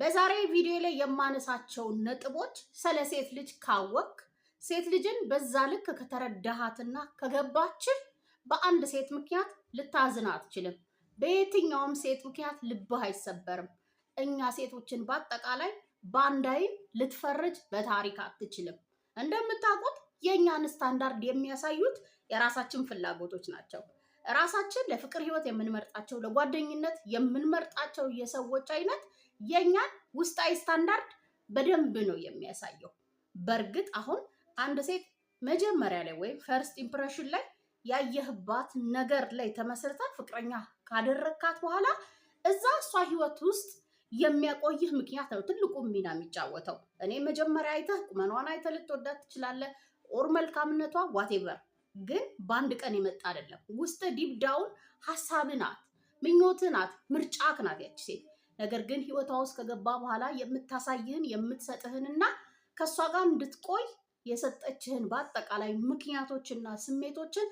በዛሬ ቪዲዮ ላይ የማነሳቸውን ነጥቦች ስለ ሴት ልጅ ካወቅ፣ ሴት ልጅን በዛ ልክ ከተረዳሃትና ከገባችን በአንድ ሴት ምክንያት ልታዝን አትችልም። በየትኛውም ሴት ምክንያት ልብህ አይሰበርም። እኛ ሴቶችን በአጠቃላይ በአንድ አይን ልትፈርጅ በታሪክ አትችልም። እንደምታውቁት የእኛን ስታንዳርድ የሚያሳዩት የራሳችን ፍላጎቶች ናቸው። ራሳችን ለፍቅር ህይወት የምንመርጣቸው፣ ለጓደኝነት የምንመርጣቸው የሰዎች አይነት የእኛን ውስጣዊ ስታንዳርድ በደንብ ነው የሚያሳየው። በእርግጥ አሁን አንድ ሴት መጀመሪያ ላይ ወይም ፈርስት ኢምፕሬሽን ላይ ያየህባት ነገር ላይ ተመስርታ ፍቅረኛ ካደረግካት በኋላ እዛ እሷ ህይወት ውስጥ የሚያቆይህ ምክንያት ነው ትልቁ ሚና የሚጫወተው። እኔ መጀመሪያ አይተህ ቁመኗን አይተህ ልትወዳት ትችላለህ፣ ኦር መልካምነቷ ዋቴቨር፣ ግን በአንድ ቀን የመጣ አይደለም። ውስጥ ዲፕ ዳውን ሀሳብ ናት፣ ምኞት ናት፣ ምርጫክ ናት ያቺ ሴት ነገር ግን ህይወቷ ውስጥ ከገባ በኋላ የምታሳይህን የምትሰጥህንና ከእሷ ጋር እንድትቆይ የሰጠችህን በአጠቃላይ ምክንያቶችና ስሜቶችን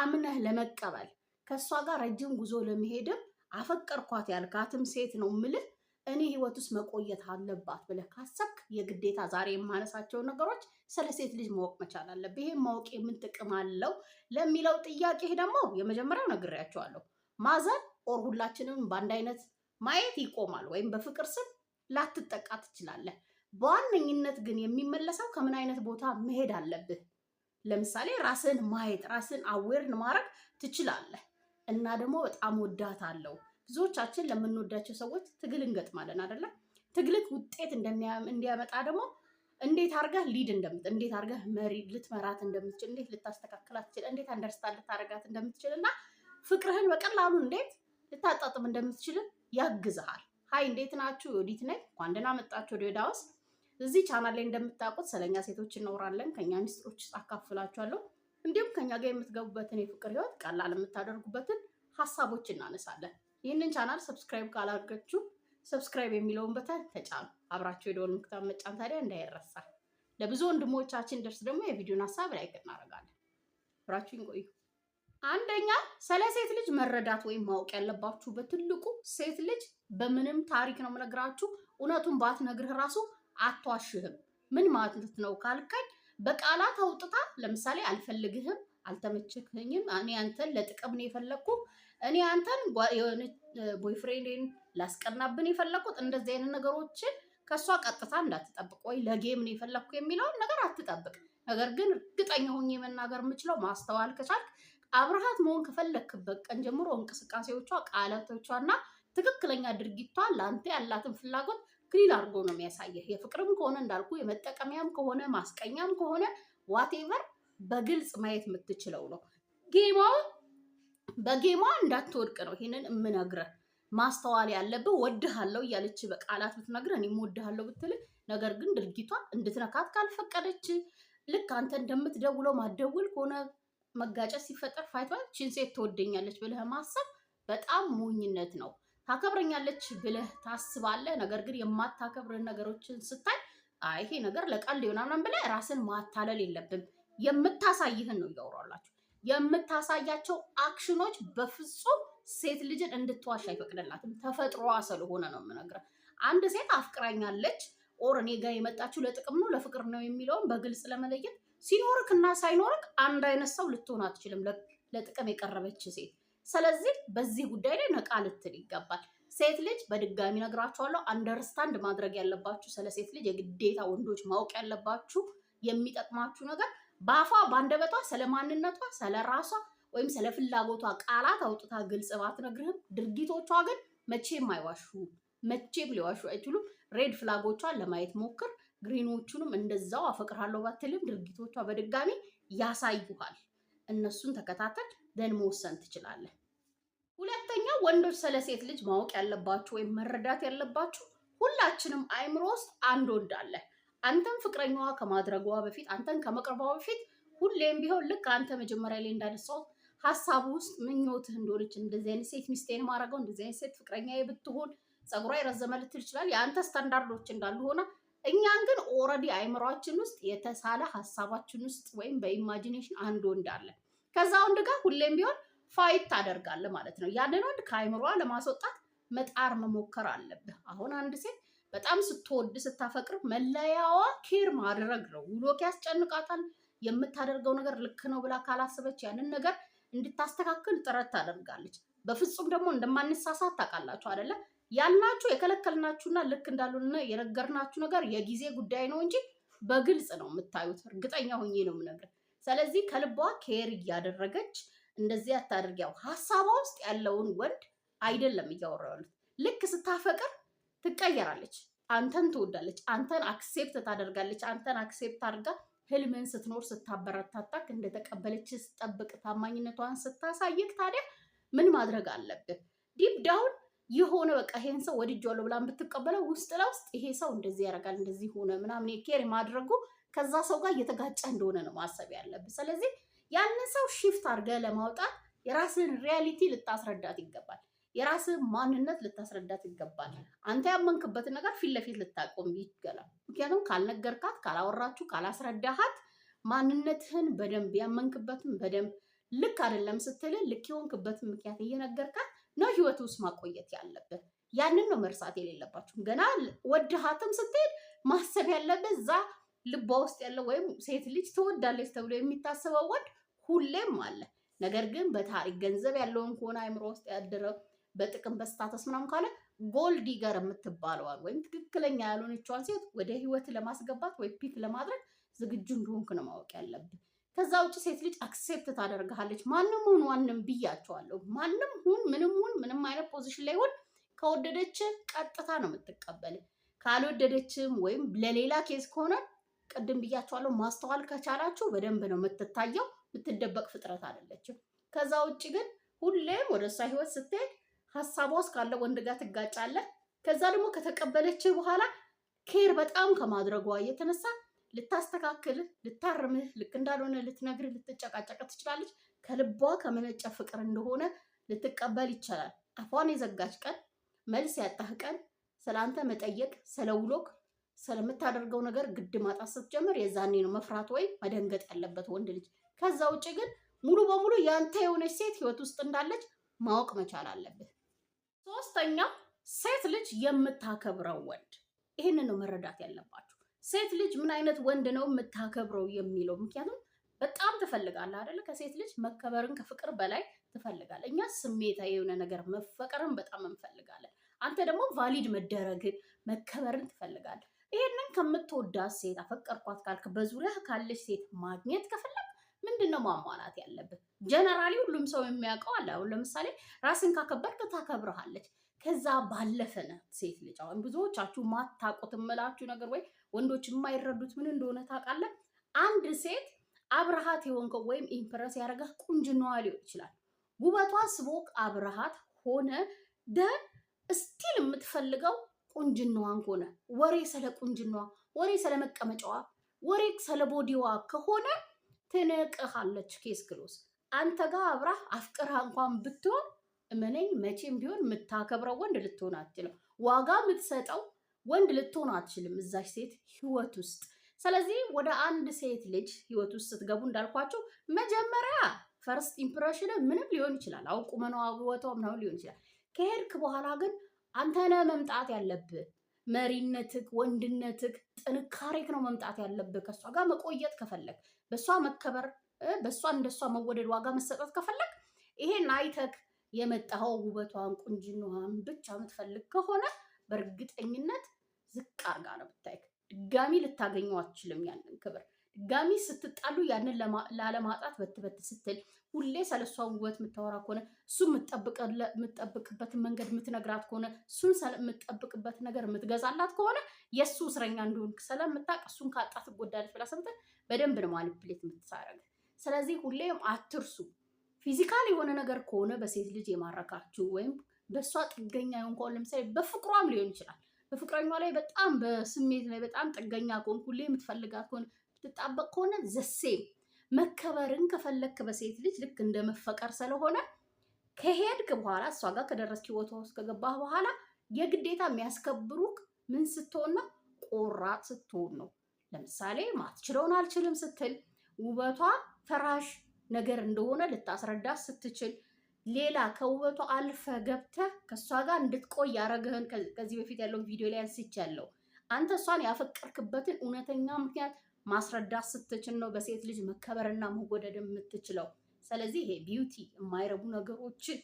አምነህ ለመቀበል ከእሷ ጋር ረጅም ጉዞ ለመሄድም አፈቀርኳት ያልካትም ሴት ነው ምልህ እኔ ህይወት ውስጥ መቆየት አለባት ብለህ ካሰብክ የግዴታ ዛሬ የማነሳቸው ነገሮች ስለ ሴት ልጅ ማወቅ መቻል አለብህ። ይሄን ማወቅ የምን ጥቅም አለው ለሚለው ጥያቄ ደግሞ የመጀመሪያው ነግሬያቸዋለሁ። ማዘን ኦር ሁላችንም በአንድ አይነት ማየት ይቆማል፣ ወይም በፍቅር ስም ላትጠቃ ትችላለህ። በዋነኝነት ግን የሚመለሰው ከምን አይነት ቦታ መሄድ አለብህ። ለምሳሌ ራስን ማየት፣ ራስን አዌርን ማድረግ ትችላለህ። እና ደግሞ በጣም አለው። ብዙዎቻችን ለምንወዳቸው ሰዎች ትግል እንገጥማለን አይደለም? ትግልት ውጤት እንዲያመጣ ደግሞ እንዴት አድርገህ ሊድ እንደምት እንዴት አድርገህ መሪ ልትመራት እንደምትችል እንዴት ልታስተካክላት ትችል እንዴት አንደርስታንድ ልታደርጋት እንደምትችል እና ፍቅርህን በቀላሉ እንዴት ልታጣጥም እንደምትችል ያግዝሃል። ሀይ እንዴት ናችሁ? ዮዲት ነኝ። እንኳን ደህና መጣችሁ ወደ ዮድ ሃውስ። እዚህ ቻናል ላይ እንደምታውቁት ስለኛ ሴቶች እናወራለን። ከኛ ሚስጥሮች ውስጥ አካፍላችኋለሁ። እንዲሁም ከኛ ጋር የምትገቡበትን የፍቅር ህይወት ቀላል የምታደርጉበትን ሀሳቦች እናነሳለን። ይህንን ቻናል ሰብስክራይብ ካላደረጋችሁ ሰብስክራይብ የሚለውን በተን ተጫኑ። አብራችሁ የደወል ምልክቱን መጫን ታዲያ እንዳይረሳ። ለብዙ ወንድሞቻችን ደርስ ደግሞ የቪዲዮን ሀሳብ ላይክ እናደርጋለን። አብራችሁ ቆዩ። አንደኛ ስለ ሴት ልጅ መረዳት ወይም ማወቅ ያለባችሁ በትልቁ ሴት ልጅ በምንም ታሪክ ነው የምነግራችሁ፣ እውነቱን ባትነግርህ ራሱ አትዋሽህም። ምን ማለት ነው ካልከኝ በቃላት አውጥታ ለምሳሌ አልፈልግህም፣ አልተመቸኝም፣ እኔ አንተን ለጥቅም ነው የፈለግኩ፣ እኔ አንተን ቦይፍሬንድን ላስቀናብን የፈለግኩት፣ እንደዚህ አይነት ነገሮችን ከእሷ ቀጥታ እንዳትጠብቅ፣ ወይ ለጌም ነው የፈለግኩ የሚለውን ነገር አትጠብቅ። ነገር ግን እርግጠኛ ሆኜ መናገር የምችለው ማስተዋል ከቻልክ አብረሃት መሆን ከፈለክበት ቀን ጀምሮ እንቅስቃሴዎቿ፣ ቃላቶቿ እና ትክክለኛ ድርጊቷ ለአንተ ያላትን ፍላጎት ክሊል አድርጎ ነው የሚያሳየህ። የፍቅርም ከሆነ እንዳልኩ የመጠቀሚያም ከሆነ ማስቀኛም ከሆነ ዋቴቨር በግልጽ ማየት የምትችለው ነው። ጌማውን በጌማ እንዳትወድቅ ነው ይህንን የምነግረህ። ማስተዋል ያለብህ ወድሃለው እያለች በቃላት ብትነግርህ እኔም ወድሃለሁ ብትል፣ ነገር ግን ድርጊቷ እንድትነካት ካልፈቀደች ልክ አንተ እንደምትደውለው ማደውል ከሆነ መጋጨት ሲፈጠር ፋይቷል ቺን ሴት ትወደኛለች ብለህ ማሰብ በጣም ሞኝነት ነው። ታከብረኛለች ብለህ ታስባለህ። ነገር ግን የማታከብር ነገሮችን ስታይ ይሄ ነገር ለቀልድ ይሆናል ብለህ ራስን ማታለል የለብም። የምታሳይህን ነው እያወራላችሁ። የምታሳያቸው አክሽኖች በፍጹም ሴት ልጅን እንድትዋሽ አይፈቅድላትም። ተፈጥሮዋ ስለሆነ ነው የምነግርህ። አንድ ሴት አፍቅራኛለች ኦር እኔ ጋር የመጣችው ለጥቅም ነው ለፍቅር ነው የሚለውን በግልጽ ለመለየት ሲኖርክ እና ሳይኖርክ አንድ አይነት ሰው ልትሆን አትችልም፣ ለጥቅም የቀረበች ሴት። ስለዚህ በዚህ ጉዳይ ላይ ነቃ ልትል ይገባል። ሴት ልጅ በድጋሚ ነግራችኋለሁ፣ አንደርስታንድ ማድረግ ያለባችሁ ስለ ሴት ልጅ የግዴታ ወንዶች ማወቅ ያለባችሁ የሚጠቅማችሁ ነገር በአፏ በአንደበቷ ስለ ማንነቷ ስለ ራሷ ወይም ስለ ፍላጎቷ ቃላት አውጥታ ግልጽ ባትነግርህም ድርጊቶቿ ግን መቼም አይዋሹም፣ መቼም ሊዋሹ አይችሉም። ሬድ ፍላጎቿን ለማየት ሞክር። ግሪኖቹንም እንደዛው አፈቅራለሁ ባትልም ድርጊቶቿ በድጋሚ ያሳዩሃል። እነሱን ተከታተል ደን መወሰን ትችላለህ። ሁለተኛው ወንዶች ስለ ሴት ልጅ ማወቅ ያለባችሁ ወይም መረዳት ያለባችሁ ሁላችንም አይምሮ ውስጥ አንድ ወንድ አለ። አንተን ፍቅረኛዋ ከማድረጓ በፊት አንተን ከመቅረቧ በፊት ሁሌም ቢሆን ልክ አንተ መጀመሪያ ላይ እንዳነሳው ሀሳቡ ውስጥ ምኞትህ እንደሆነች እንደዚህ አይነት ሴት ሚስቴን ማድረገው እንደዚህ አይነት ሴት ፍቅረኛ ብትሆን ጸጉሯ የረዘመ ልትል ይችላል። የአንተ ስታንዳርዶች እንዳሉ ሆና እኛን ግን ኦረዲ አይምሯችን ውስጥ የተሳለ ሀሳባችን ውስጥ ወይም በኢማጂኔሽን አንድ ወንድ አለ። ከዛ ወንድ ጋር ሁሌም ቢሆን ፋይት ታደርጋለህ ማለት ነው። ያንን ወንድ ከአይምሯ ለማስወጣት መጣር መሞከር አለብህ። አሁን አንድ ሴት በጣም ስትወድ ስታፈቅር መለያዋ ኬር ማድረግ ነው። ውሎ ያስጨንቃታል። የምታደርገው ነገር ልክ ነው ብላ ካላሰበች ያንን ነገር እንድታስተካክል ጥረት ታደርጋለች። በፍጹም ደግሞ እንደማንሳሳት ታውቃላችሁ አይደለም? ያልናችሁ የከለከልናችሁና ልክ እንዳሉና የነገርናችሁ ነገር የጊዜ ጉዳይ ነው እንጂ በግልጽ ነው የምታዩት። እርግጠኛ ሆኜ ነው የምነግርህ። ስለዚህ ከልቧ ኬር እያደረገች እንደዚህ አታድርግ። ያው ሀሳቧ ውስጥ ያለውን ወንድ አይደለም እያወራሁ ያሉት። ልክ ስታፈቅር ትቀየራለች። አንተን ትወዳለች፣ አንተን አክሴፕት ታደርጋለች። አንተን አክሴፕት አድርጋ ህልምን ስትኖር ስታበረታታክ፣ እንደተቀበለች ስጠብቅ፣ ታማኝነቷን ስታሳይክ፣ ታዲያ ምን ማድረግ አለብህ? ዲፕ ዳውን የሆነ በቃ ይሄን ሰው ወድጄዋለሁ ብላ ብትቀበለው ውስጥ ለውስጥ ይሄ ሰው እንደዚህ ያደርጋል እንደዚህ ሆነ ምናምን ኬር ማድረጉ ከዛ ሰው ጋር እየተጋጨ እንደሆነ ነው ማሰብ ያለብን። ስለዚህ ያንን ሰው ሺፍት አድርገህ ለማውጣት የራስን ሪያሊቲ ልታስረዳት ይገባል። የራስህን ማንነት ልታስረዳት ይገባል። አንተ ያመንክበትን ነገር ፊት ለፊት ልታቆም ይገላል። ምክንያቱም ካልነገርካት፣ ካላወራችሁ፣ ካላስረዳሃት ማንነትህን በደንብ ያመንክበትን በደንብ ልክ አይደለም ስትል ልክ የሆንክበትን ምክንያት እየነገርካት ነው ህይወት ውስጥ ማቆየት ያለብን። ያንን ነው መርሳት የሌለባችሁም። ገና ወድሃትም ስትሄድ ማሰብ ያለብን እዛ ልቧ ውስጥ ያለው ወይም ሴት ልጅ ትወዳለች ተብሎ የሚታሰበው ወንድ ሁሌም አለ። ነገር ግን በታሪክ ገንዘብ ያለውን ከሆነ አይምሮ ውስጥ ያደረው በጥቅም በስታተስ ምናምን ካለ ጎልዲ ዲገር የምትባለዋል ወይም ትክክለኛ ያልሆነችዋን ሴት ወደ ህይወት ለማስገባት ወይ ፒክ ለማድረግ ዝግጁ እንደሆንክ ነው ማወቅ ያለብን። ከዛ ውጭ ሴት ልጅ አክሴፕት ታደርግሃለች። ማንም ሁን ዋንም ብያቸዋለሁ። ማንም ሁን ምንም ሁን ምንም አይነት ፖዚሽን ላይ ሁን ከወደደች ቀጥታ ነው የምትቀበል። ካልወደደችም ወይም ለሌላ ኬዝ ከሆነ ቅድም ብያቸዋለሁ። ማስተዋል ከቻላችሁ በደንብ ነው የምትታየው። የምትደበቅ ፍጥረት አይደለችም። ከዛ ውጭ ግን ሁሌም ወደ እሷ ህይወት ስትሄድ ሀሳቧ ውስጥ ካለ ወንድ ጋር ትጋጫለህ። ከዛ ደግሞ ከተቀበለች በኋላ ኬር በጣም ከማድረጓ የተነሳ ልታስተካክልህ፣ ልታርምህ፣ ልክ እንዳልሆነ ልትነግርህ፣ ልትጨቃጨቅ ትችላለች። ከልቧ ከመነጨ ፍቅር እንደሆነ ልትቀበል ይቻላል። አፏን የዘጋች ቀን፣ መልስ ያጣህ ቀን፣ ስለአንተ መጠየቅ፣ ስለውሎክ ስለምታደርገው ነገር ግድ ማጣት ስትጀምር የዛኔ ነው መፍራት ወይም መደንገጥ ያለበት ወንድ ልጅ። ከዛ ውጭ ግን ሙሉ በሙሉ ያንተ የሆነች ሴት ህይወት ውስጥ እንዳለች ማወቅ መቻል አለብህ። ሶስተኛ ሴት ልጅ የምታከብረው ወንድ። ይህንን ነው መረዳት ያለባቸው። ሴት ልጅ ምን አይነት ወንድ ነው የምታከብረው የሚለው ምክንያቱም በጣም ትፈልጋለህ አይደለ? ከሴት ልጅ መከበርን ከፍቅር በላይ ትፈልጋለህ። እኛ ስሜታ የሆነ ነገር መፈቀርን በጣም እንፈልጋለን። አንተ ደግሞ ቫሊድ መደረግን መከበርን ትፈልጋለህ። ይሄንን ከምትወዳት ሴት አፈቀርኳት ካልክ በዙሪያ ካለች ሴት ማግኘት ከፈለግ ምንድነው ማሟላት ያለብን? ጀነራሊ ሁሉም ሰው የሚያውቀው አለ። አሁን ለምሳሌ ራስን ካከበርክ ታከብርሃለች። ከዛ ባለፈ ሴት ልጅ አሁን ብዙዎቻችሁ ማታውቁት እምላችሁ ነገር ወይ ወንዶች የማይረዱት ምን እንደሆነ ታውቃለህ? አንድ ሴት አብረሃት የሆንከው ወይም ኢምፕረስ ያደረገህ ቁንጅናዋ ሊሆን ይችላል፣ ውበቷ ስቦክ አብረሃት ሆነ ደ ስቲል የምትፈልገው ቁንጅናዋን ሆነ ወሬ ስለ ቁንጅናዋ፣ ወሬ ስለ መቀመጫዋ፣ ወሬ ስለ ቦዲዋ ከሆነ ትንቅሃለች። ኬስ ክሎስ አንተ ጋር አብራህ አፍቅራ እንኳን ብትሆን እመነኝ መቼም ቢሆን የምታከብረው ወንድ ልትሆን አትችልም። ዋጋ የምትሰጠው ወንድ ልትሆን አትችልም እዛች ሴት ህይወት ውስጥ። ስለዚህ ወደ አንድ ሴት ልጅ ህይወት ውስጥ ስትገቡ እንዳልኳቸው መጀመሪያ ፈርስት ኢምፕሬሽን ምንም ሊሆን ይችላል። አውቁ ቁመናዋ፣ ውበቷ ምናምን ሊሆን ይችላል። ከሄድክ በኋላ ግን አንተነ መምጣት ያለብህ መሪነትክ፣ ወንድነትክ፣ ጥንካሬክ ነው መምጣት ያለብህ። ከእሷ ጋር መቆየት ከፈለግ፣ በእሷ መከበር፣ በእሷ እንደሷ መወደድ፣ ዋጋ መሰጠት ከፈለግ ይሄን አይተክ የመጣኸው ውበቷን፣ ቁንጅናዋን ብቻ የምትፈልግ ከሆነ በእርግጠኝነት አርጋ ነው ብታይክ። ድጋሚ ልታገኘው አትችልም ያንን ክብር። ድጋሚ ስትጣሉ ያንን ላለማጣት በትበት ስትል ሁሌ ስለሷ ውበት የምታወራ ከሆነ እሱ የምጠብቅበትን መንገድ የምትነግራት ከሆነ እሱን የምጠብቅበት ነገር የምትገዛላት ከሆነ የእሱ እስረኛ እንደሆን ስለምታውቅ እሱን ካጣት ትጎዳለች ብላ ሰምተህ በደንብ ነው ማኒፕሌት የምትሳረግ። ስለዚህ ሁሌም አትርሱ። ፊዚካል የሆነ ነገር ከሆነ በሴት ልጅ የማረካችሁ ወይም በእሷ ጥገኛ የሆን ከሆነ ለምሳሌ በፍቅሯም ሊሆን ይችላል በፍቅረኛ ላይ በጣም በስሜት ላይ በጣም ጥገኛ ከሆን ሁሌ የምትፈልጋት ከሆነ ትጣበቅ ከሆነ ዘሴ መከበርን ከፈለክ በሴት ልጅ ልክ እንደ መፈቀር ስለሆነ ከሄድክ በኋላ እሷ ጋር ከደረስክ ህይወቷ ውስጥ ከገባህ በኋላ የግዴታ የሚያስከብሩክ ምን ስትሆን ነው? ቆራጥ ስትሆን ነው። ለምሳሌ ማትችለውን አልችልም ስትል ውበቷ ፈራሽ ነገር እንደሆነ ልታስረዳት ስትችል ሌላ ከውበቱ አልፈ ገብተህ ከእሷ ጋር እንድትቆይ ያረገህን ከዚህ በፊት ያለውን ቪዲዮ ላይ አንስቻለሁ። አንተ እሷን ያፈቀርክበትን እውነተኛ ምክንያት ማስረዳት ስትችል ነው በሴት ልጅ መከበርና መወደድ የምትችለው። ስለዚህ ይሄ ቢዩቲ የማይረቡ ነገሮችን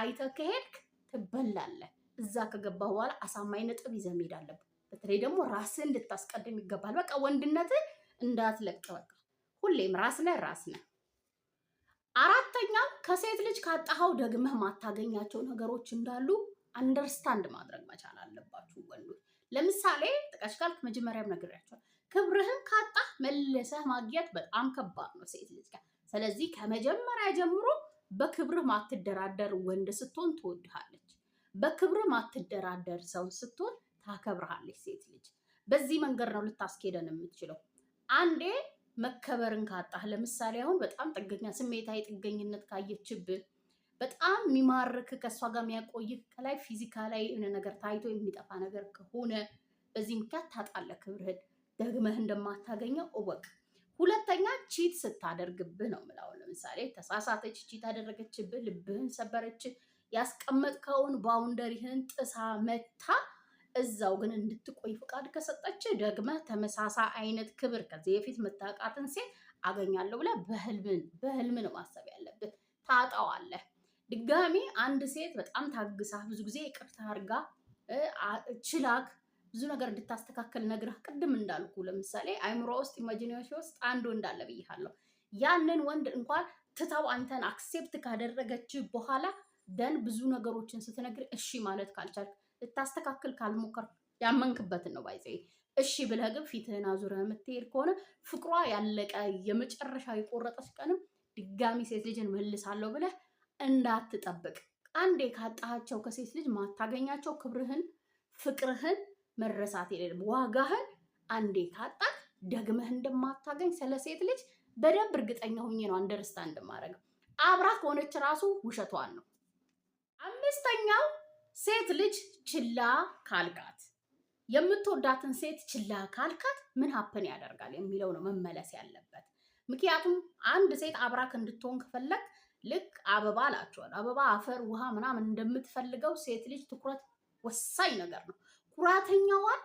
አይተ ከሄድክ ትበላለህ። እዛ ከገባ በኋላ አሳማኝ ነጥብ ይዘህ መሄድ አለብህ። በተለይ ደግሞ ራስህን እንድታስቀድም ይገባል። በቃ ወንድነትን እንዳትለቅ። በቃ ሁሌም ራስ ነህ ራስ ነህ አራተኛም ከሴት ልጅ ካጣኸው ደግመህ ማታገኛቸው ነገሮች እንዳሉ አንደርስታንድ ማድረግ መቻል አለባችሁ ወንዶች። ለምሳሌ ጥቀሽ ካልክ መጀመሪያም ነግሬያቸዋል። ክብርህን ካጣህ መልሰህ ማግኘት በጣም ከባድ ነው ሴት ልጅ ጋር። ስለዚህ ከመጀመሪያ ጀምሮ በክብርህ ማትደራደር ወንድ ስትሆን ትወድሃለች። በክብርህ ማትደራደር ሰው ስትሆን ታከብርሃለች ሴት ልጅ። በዚህ መንገድ ነው ልታስኬደን የምትችለው አንዴ መከበርን ካጣህ፣ ለምሳሌ አሁን በጣም ጥገኛ ስሜታዊ ጥገኝነት ካየችብህ በጣም የሚማርክ ከእሷ ጋር የሚያቆይህ ከላይ ፊዚካ ላይ የሆነ ነገር ታይቶ የሚጠፋ ነገር ከሆነ በዚህ ምክንያት ታጣለህ ክብርህን፣ ደግመህ እንደማታገኘው እወቅ። ሁለተኛ ቺት ስታደርግብህ ነው የምለው። ለምሳሌ ተሳሳተች፣ ቺት አደረገችብህ፣ ልብህን ሰበረች፣ ያስቀመጥከውን ባውንደሪህን ጥሳ መታ እዛው ግን እንድትቆይ ፍቃድ ከሰጠች ደግመ ተመሳሳይ አይነት ክብር ከዚህ በፊት የምታውቃትን ሴት አገኛለሁ ብለ በህልምን በህልምን ማሰብ ያለብህ። ታጣዋለህ። ድጋሚ አንድ ሴት በጣም ታግሳ ብዙ ጊዜ ይቅርታ አርጋ ችላክ ብዙ ነገር እንድታስተካከል ነግረህ፣ ቅድም እንዳልኩ ለምሳሌ አይምሮ ውስጥ ኢማጂኔሽን ውስጥ አንዱ እንዳለ ብያለሁ። ያንን ወንድ እንኳን ትታው አንተን አክሴፕት ካደረገች በኋላ ደን ብዙ ነገሮችን ስትነግር እሺ ማለት ካልቻልክ ልታስተካክል ካልሞከር ያመንክበትን ነው ባይዘ እሺ ብለህ ግን ፊትህን አዙረህ የምትሄድ ከሆነ ፍቅሯ ያለቀ የመጨረሻ የቆረጠች ቀንም ድጋሚ ሴት ልጅን መልሳለሁ ብለህ እንዳትጠብቅ። አንዴ ካጣሃቸው ከሴት ልጅ ማታገኛቸው ክብርህን፣ ፍቅርህን መረሳት የሌለም ዋጋህን አንዴ ካጣህ ደግመህ እንደማታገኝ ስለ ሴት ልጅ በደንብ እርግጠኛ ሁኜ ነው አንደርስታንድ ማድረግ። አብራ ከሆነች ራሱ ውሸቷን ነው። አምስተኛው ሴት ልጅ ችላ ካልካት የምትወዳትን ሴት ችላ ካልካት ምን ሀፕን ያደርጋል የሚለው ነው መመለስ ያለበት። ምክንያቱም አንድ ሴት አብራክ እንድትሆን ከፈለግ ልክ አበባ ላቸዋል አበባ አፈር፣ ውሃ ምናምን እንደምትፈልገው ሴት ልጅ ትኩረት ወሳኝ ነገር ነው። ኩራተኛዋን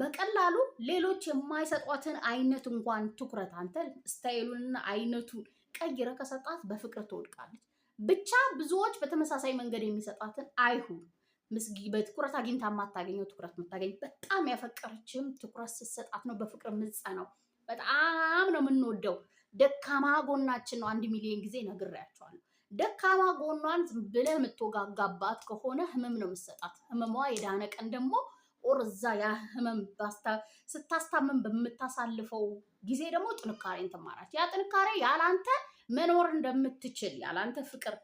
በቀላሉ ሌሎች የማይሰጧትን አይነት እንኳን ትኩረት አንተ ስታይሉንና አይነቱን ቀይረ ከሰጣት በፍቅር ትወድቃለች። ብቻ ብዙዎች በተመሳሳይ መንገድ የሚሰጣትን አይሁን ምስጊ በትኩረት አግኝታ የማታገኘው ትኩረት የምታገኝ በጣም ያፈቀረችም ትኩረት ስትሰጣት ነው። በፍቅር ምጸ ነው። በጣም ነው የምንወደው። ደካማ ጎናችን ነው። አንድ ሚሊዮን ጊዜ ነግሬያቸዋለሁ። ደካማ ጎኗን ብለህ የምትወጋጋባት ከሆነ ህመም ነው የምትሰጣት። ህመሟ የዳነ ቀን ደግሞ ያ ህመም ስታስታመም በምታሳልፈው ጊዜ ደግሞ ጥንካሬን ትማራች። ያ ጥንካሬ ያላንተ መኖር እንደምትችል ያላንተ ፍቅር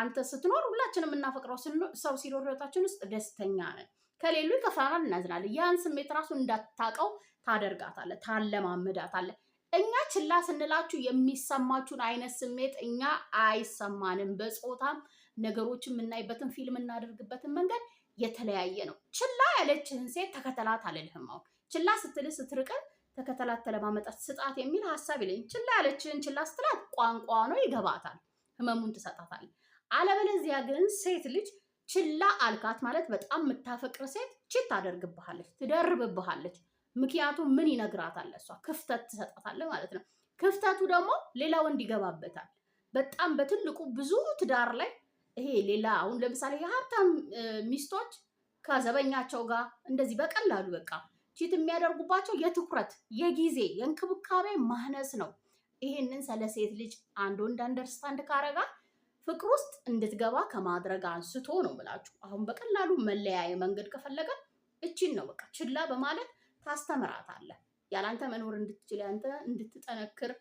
አንተ ስትኖር ሁላችን የምናፈቅረው ሰው ሲኖር ህይወታችን ውስጥ ደስተኛ ነን። ከሌሉ ይከፋናል፣ እናዝናለን። ያን ስሜት ራሱ እንዳታቀው ታደርጋታለ፣ ታለማምዳታለ። እኛ ችላ ስንላችሁ የሚሰማችሁን አይነት ስሜት እኛ አይሰማንም። በፆታም ነገሮች የምናይበትን ፊልም እናደርግበትን መንገድ የተለያየ ነው። ችላ ያለችህን ሴት ተከተላት አልልህም። አሁን ችላ ስትልህ ስትርቅህ ተከተላት፣ ተለማመጣት፣ ስጣት የሚል ሀሳብ ይለኝ። ችላ ያለችህን ችላ ስትላት ቋንቋ ነው፣ ይገባታል ህመሙን ትሰጣታል። አለበለዚያ ግን ሴት ልጅ ችላ አልካት ማለት በጣም የምታፈቅር ሴት ችት ታደርግብሃለች፣ ትደርብብሃለች። ምክንያቱም ምን ይነግራታል? እሷ ክፍተት ትሰጣታለህ ማለት ነው። ክፍተቱ ደግሞ ሌላ ወንድ ይገባበታል። በጣም በትልቁ ብዙ ትዳር ላይ ይሄ ሌላ አሁን ለምሳሌ የሀብታም ሚስቶች ከዘበኛቸው ጋር እንደዚህ በቀላሉ በቃ ቺት የሚያደርጉባቸው የትኩረት የጊዜ የእንክብካቤ ማህነስ ነው። ይሄንን ስለ ሴት ልጅ አንድ ወንድ አንደርስታንድ ካረጋ ፍቅር ውስጥ እንድትገባ ከማድረግ አንስቶ ነው ብላችሁ አሁን በቀላሉ መለያየ መንገድ ከፈለገ እቺን ነው በቃ ችላ በማለት ታስተምራታለህ። ያላንተ መኖር እንድትችል ያንተ እንድትጠነክር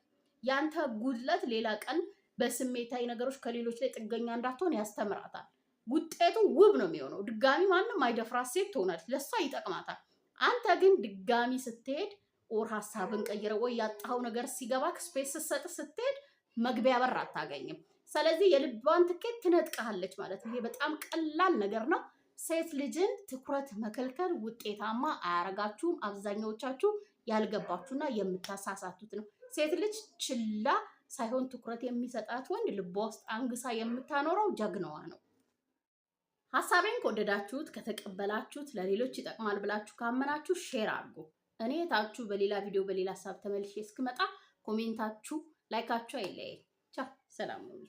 ያንተ ጉድለት ሌላ ቀን በስሜታዊ ነገሮች ከሌሎች ላይ ጥገኛ እንዳትሆን ያስተምራታል። ውጤቱ ውብ ነው የሚሆነው። ድጋሚ ማንም አይደፍራት ሴት ትሆናለች። ለሷ ይጠቅማታል። አንተ ግን ድጋሚ ስትሄድ ኦር ሀሳብን ቀይረ ወይ ያጣኸው ነገር ሲገባክ ስፔስ ስትሰጥ ስትሄድ መግቢያ በር አታገኝም። ስለዚህ የልቧን ትኬት ትነጥቃለች ማለት ነው። ይሄ በጣም ቀላል ነገር ነው። ሴት ልጅን ትኩረት መከልከል ውጤታማ አያረጋችሁም። አብዛኛዎቻችሁ ያልገባችሁና የምታሳሳቱት ነው። ሴት ልጅ ችላ ሳይሆን ትኩረት የሚሰጣት ወንድ ልቧ ውስጥ አንግሳ የምታኖረው ጀግናዋ ነው። ሀሳቤን ከወደዳችሁት ከተቀበላችሁት፣ ለሌሎች ይጠቅማል ብላችሁ ካመናችሁ ሼር አድርጉ። እኔ ታችሁ በሌላ ቪዲዮ በሌላ ሀሳብ ተመልሼ እስክመጣ ኮሜንታችሁ፣ ላይካችሁ አይለያይ። ቻው፣ ሰላም ሁኑ።